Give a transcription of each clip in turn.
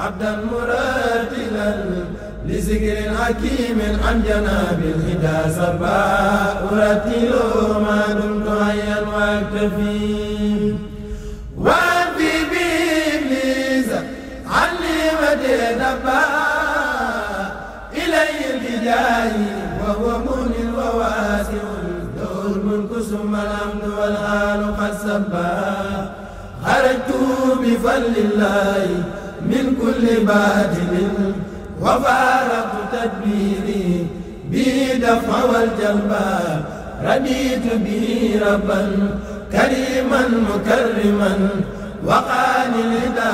abdan muradilan لذكر حكيم عن جناب الهدى سربا أرتل ما دمت حيا واكتفي وفي بإبليس علمت دبا إلي الهداي وهو مهن وواسع له الملك ثم الحمد والآل قد سبا خرجت بفضل الله من كل باطل وفارقت تدبيري بدفع والجلباب رديت به ربا كريما مكرما وقال لدار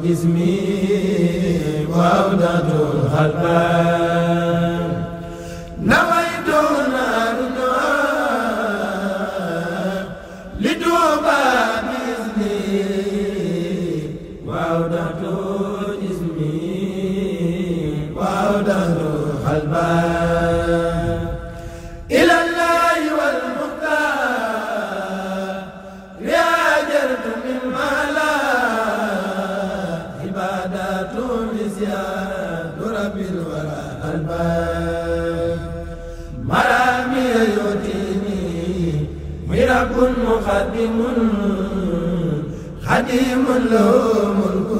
جسمي وأودة الخلق خديم خديم له ملك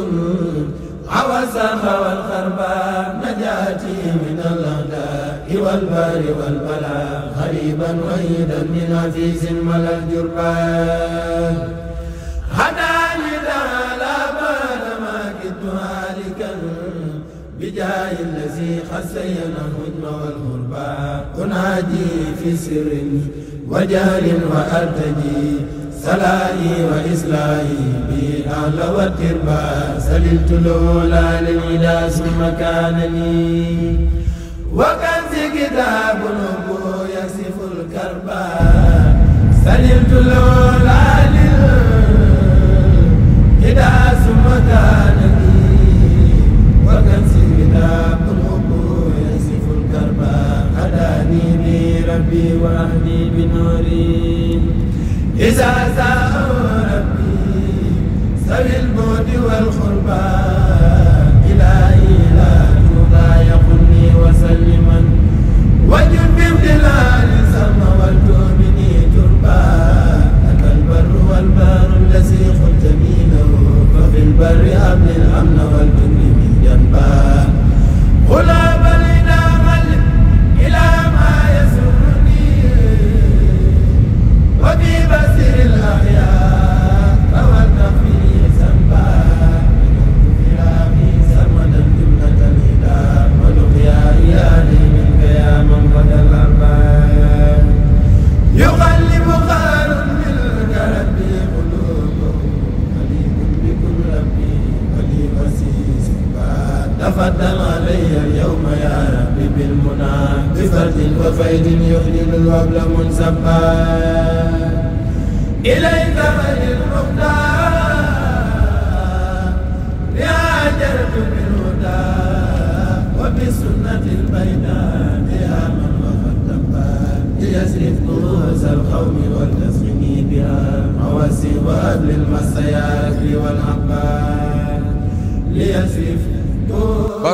عوز هوى الخربان نجاتي من الاعداء والبار والبلاء غريبا وحيدا من عزيز ملا الجربان هداني ذا لا بال ما كدت هالكا بجاه الذي خزين الهجم والغربان انادي في سر وجهل وارتجي سلائي وإسلائي بأهل والتربى سلمت له لا للغدا ثم كانني وكنز كتاب النبو يكسف الكربى سلمت له لا للغدا ثم كانني وكنز كتاب النبو يكسف الكربى هداني بي ربي وأهدي بنوري إذا ساء ربي سوي الموت والقربان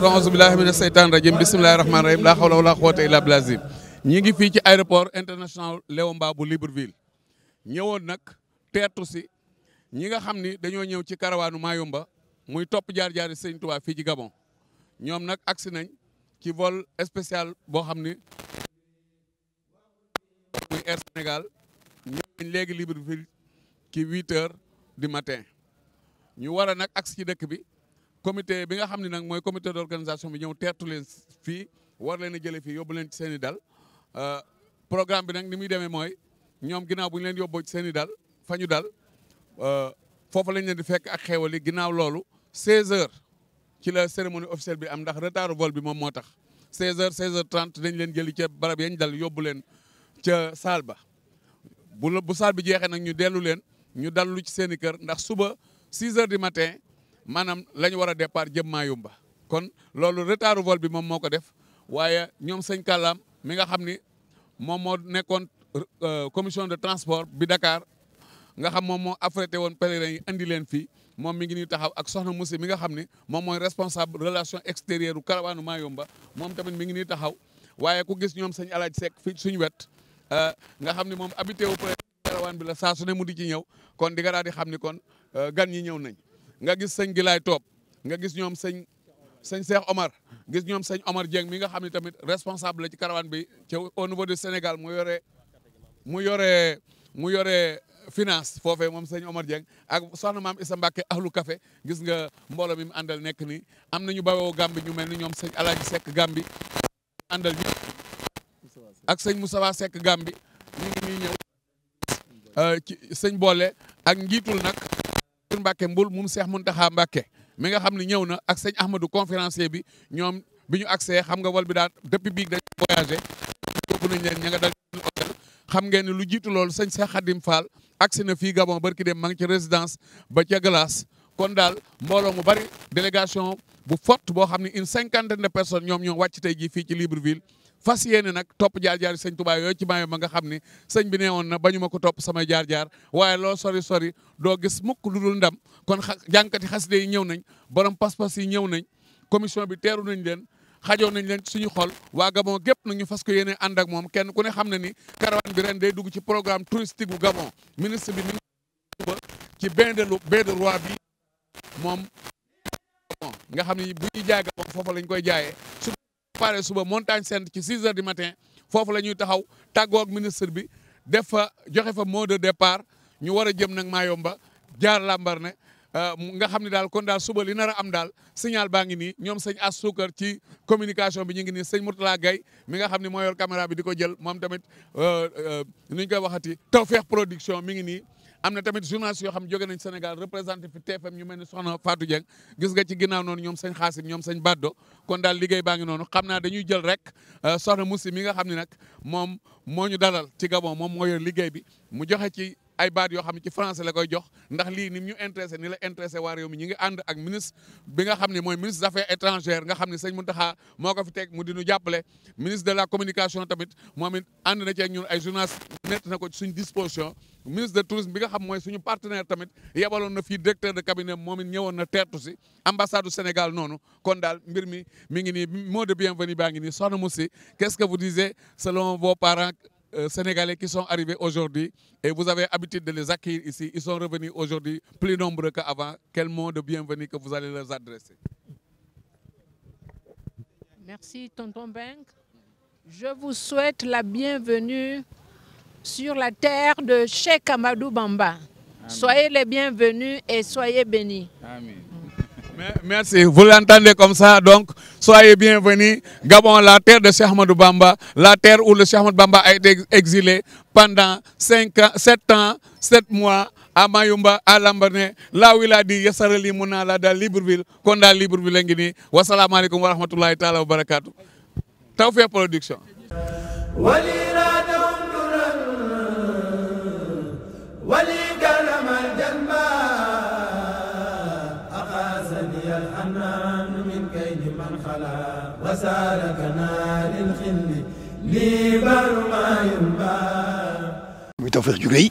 waaw auzu billaahi mina seytaani rajiim bismillaahi rahmaani rahiim laa hawla wala quwwata illaa billaahi aziim ñi ngi fii ci aéroport international Léon Mba bu Libreville ñëwoon nag teertu ñi nga xam ni dañoo ñëw ci karawaanu Mayumba muy topp jaar-jaari Sëñ Tuubaa fii ci Gabon ñoom nag agsi nañ ci vol spécial boo xam ni muy Air Sénégal ñëw nañ Libreville ci huit heures du matin ñu war a nag agsi ci dëkk bi comité bi nga xam ni nag mooy comité d'organisation bi ñëw teertu leen fii war leen a jëlee fii yóbbu leen ci seeni i dal euh, programme bi nag ni muy demee mooy ñoom ginnaaw bu ñu leen yóbboo ci seen i dal fa ñu dal euh, foofu lañ leen di fekk ak xéewal yi ginnaaw loolu 16h ci la cérémonie officielle bi am ndax retard vol bi moom moo tax 16h 16h30 dañ leen jëli ca barab yañ dal yóbbu leen ca saal ba bu saal bi jeexee nag ñu dellu leen ñu dallu ci seen i kër ndax suba 6h du maanaam la ñu war a départ jëm Mayumba kon loolu retard vol bi moom moo ko def waaye ñoom sëñ Kàllaam mi nga xam ni moom moo nekkoon euh, commission de transport bi Dakar nga xam moom moo affrété woon pèlerins yi andi leen fii moom mi ngi ñuy taxaw ak soxna Moussa mi nga xam ni moom mooy responsable relation extérieure u caravane Mayumba moom tamit mi ngi nii taxaw waaye ku gis ñoom sëñ Alaaj sekk fii suñu wet euh, nga xam ni moom habité wu caravane bi la saa su ne mu di ci ñëw kon di nga xam ni kon euh, gan ñi ñëw nañ nga gis sëñ Gilaay Toob nga gis ñoom sëñ sëñ Cheikh Omar gis ñoom sëñ Omar Dieng mi nga xam ne tamit responsable ci karawaan bi ci au niveau de Sénégal mu yore mu yore mu yore finance foofee moom sëñ Omar Dieng ak soxna maam Issa Mbacke ahlu café gis nga mbooloo mi mu àndal nekk nii am nañu bawoo Gambi ñu mel ni ñoom sëñ Alaaji sekk Gambi àndal ñu ak sëñ Moustapha Seck Gambi ñu ngi ñëw euh, ci sëñ boole ak njiitul nag Mbacke mbul moom mun Mountakha Mbacke mi nga xam ni ñëw na ak sëñ Ahmadou conférencier bi ñoom bi ñu accès xam nga wal bi daal depuis bii dañu voyagé yóbbu nañ leen ña nga dal xam ngeen ne lu jiitu loolu sëñ Cheikh Khadim Fall accès na fii Gabon barki dem ma ngi ci résidence ba ca glace kon daal mbooloo mu bari délégation bu forte boo xam ne une cinquantaine de personnes ñoom ñoo wàcc tey jii fii ci libre Libreville fas yéene nag topp jaar-jaar sëñ Tuubaa yooyu ci maayo ba nga xam ni sëñ bi woon na bañu ma ko topp samay jaar-jaar waaye loo sori sori doo gis mukk lu dul ndam kon xa jànkati xaside yi ñëw nañ borom pas-pas yi ñëw nañ commission bi teeru nañ leen xajoon nañ leen suñu xol waa Gabon gépp nag ñu fas ko yeneen ànd moom kenn ku ne xam ne ni caravane bi ren day dugg ci programme touristique bu Gabon ministre bi mi ngi ci bain de bain de roi bi moom nga xam ne bu ñuy jaay Gabon koy jaayee pare suba montagne centre ci 6 heures du matin foofu la ñuy taxaw tàggoo ak ministre bi def fa joxe fa mot de départ ñu war a jëm nag yomba jaar Lambaréné euh, nga xam ni daal kon daal suba li nar am daal signal baa ngi nii ñoom sëñ as suukar ci communication bi ñu ngi nii sëñ Mourtala Gaye mi nga xam ne moo yor caméra bi di ko jël moom tamit euh, euh, nu ñu koy waxati Tawfekh Production mi ngi nii. am na tamit journaliste yoo xam joge nañ Sénégal représenté fi TFM ñu mel ni soxna Fatou Dieng gis nga ci ginnaaw noonu ñoom sëñ Xaasim ñoom sëñ Baddo kon daal liggéey baa ngi noonu xam naa dañuy jël rek euh, soxna Moussi mi nga xam ni nag moom moo ñu dalal ci Gabon moom mooy yor liggéey bi mu joxe ci ay baat yoo xam ne ci français la koy jox ndax lii ni ñu intéressé ni la intéressé waa réew mi ñu ngi ànd ak ministre bi xam ne mooy ministre des affaires nga xam ne sëñ Mountakha moo ko fi teg mu dinu jàppale ministre de la communication tamit moo it ànd na ceeg ñun ay journalistes nett na ko suñ disposition ministre de tourisme bi nga xam mooy suñu partenaire tamit yebaloon na fii directeur de cabinet moom it ñëwoon na teertu si ambassade du Sénégal noonu kon daal mbir mi mi ngi nii mot de bienvenue baa ngi nii soxna Moussi qu'est-ce que vous disiez selon Euh, Sénégalais qui sont arrivés aujourd'hui et vous avez l'habitude de les accueillir ici. Ils sont revenus aujourd'hui plus nombreux qu'avant. Quel mot de bienvenue que vous allez leur adresser Merci, Tonton Benk. Je vous souhaite la bienvenue sur la terre de Cheikh Amadou Bamba. Amen. Soyez les bienvenus et soyez bénis. Amen. Merci. Vous l'entendez comme ça, donc Soyez bienvenus. Gabon, la terre de Cheikh Ahmadou Bamba, la terre où le Cheikh Bamba a été pendant 5 ans, 7 ans, 7 mois à Mayumba, à Lambaréné, là où il a dit Yassarali Mounala dans Libreville, Konda Libreville ngi nii. Wa salaamu aleykum wa rahmatullahi taala wa barakaatu. Tawfekh وسالكنا للخل لي بار ما ينبا muy Tawfekh jugee